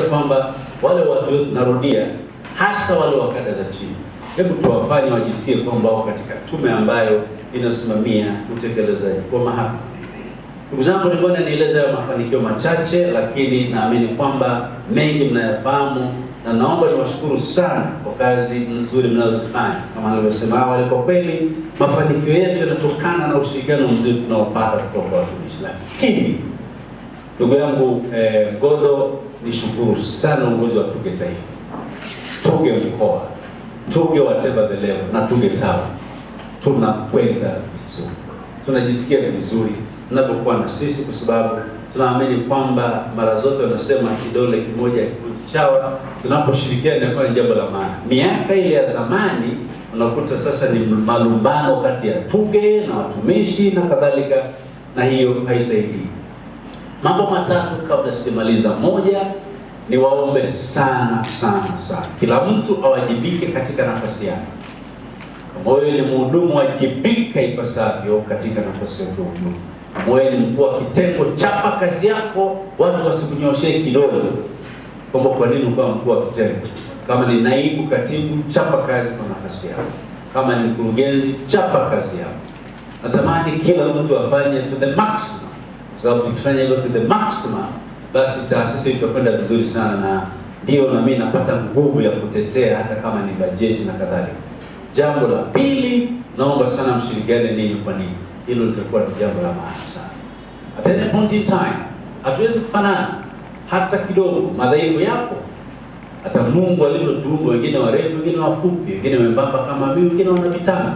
kwamba wale watu wetu, narudia, hasa wale wa kada za chini, hebu tuwafanye wajisikie kwamba wako katika tume ambayo inasimamia utekelezaji kwa mahakama. Ndugu zangu, nilikuwa nieleza hayo mafanikio machache, lakini naamini kwamba mengi mnayafahamu, na naomba niwashukuru sana kwa kazi nzuri mnazozifanya. Kama nilivyosema awali, kwa kweli mafanikio yetu yanatokana na ushirikiano mzuri tunaopata kutoka kwa watumishi, lakini Ndugu yangu eh, Godo, nishukuru sana uongozi wa Tuge Taifa, Tuge mkoa, Tuge whatever the level na Tuge tawa, tunakwenda vizuri, tunajisikia vizuri tunapokuwa na sisi, kwa sababu tunaamini kwamba mara zote wanasema kidole kimoja kikundi chawa. Tunaposhirikiana inakuwa ni jambo la maana. Miaka ile ya zamani unakuta sasa ni malumbano kati ya Tuge na watumishi na kadhalika, na hiyo haisaidii Mambo matatu kabla sijamaliza. Moja ni waombe sana sana sana, kila mtu awajibike katika nafasi yake. Kama wewe ni mhudumu, wajibika ipasavyo katika nafasi ya mhudumu. Kama wewe ni mkuu wa kitengo, chapa kazi yako, watu wasikunyoshee kidole kwamba kwa nini ukawa mkuu wa kitengo. Kama ni naibu katibu, chapa kazi kwa nafasi yako. Kama ni mkurugenzi, chapa kazi yako. Natamani kila mtu afanye to the maximum sababu tukifanya hivyo to the maximum, basi taasisi itakwenda vizuri sana, na ndio na mimi napata nguvu ya kutetea hata kama ni bajeti na kadhalika. Jambo la pili, naomba sana mshirikiane ninyi kwa nini hilo litakuwa ni jambo la maana sana. At any point in time, hatuwezi kufanana hata kidogo, madhaifu yapo hata Mungu alivyotuumba, wengine warefu, wengine wafupi, wengine wembamba kama mimi, wengine wana vitambi.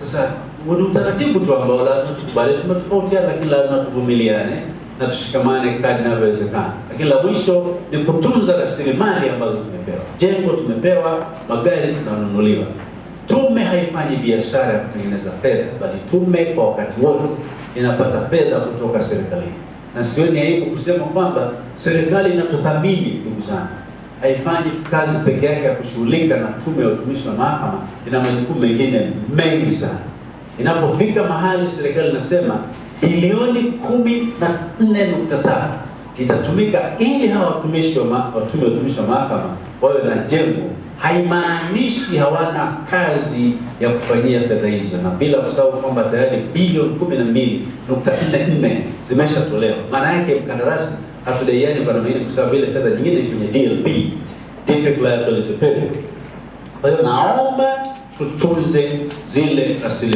Sasa ni utaratibu tu ambao lazima tukubali, tumetofautiana, lakini lazima tuvumiliane na tushikamane kadri inavyowezekana. Lakini la mwisho ni kutunza rasilimali ambazo tumepewa. Jengo tumepewa, magari tunanunuliwa. Tume haifanyi biashara ya kutengeneza fedha, bali tume kwa wakati wote inapata fedha kutoka serikalini, na sioni aibu kusema kwamba serikali inatuthamini. Ndugu zangu, haifanyi kazi peke yake ya kushughulika na tume ya utumishi wa mahakama, ina majukumu mengine mengi sana. Inapofika mahali serikali inasema bilioni kumi na nne nukta itatumika ili hawa watumishi wa mahakama wawe na jengo, haimaanishi hawana kazi ya kufanyia fedha hizo, na bila kusahau kwamba tayari bilioni kumi na mbili nukta nne nne zimeshatolewa. Maana yake mkandarasi hatudaiani kwa namna ile, kwa sababu ile fedha nyingine kwenye DLP, Defect Liability Period. Kwa hiyo naomba tutunze zile asili